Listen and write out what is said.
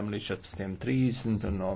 līdz 14.30 un no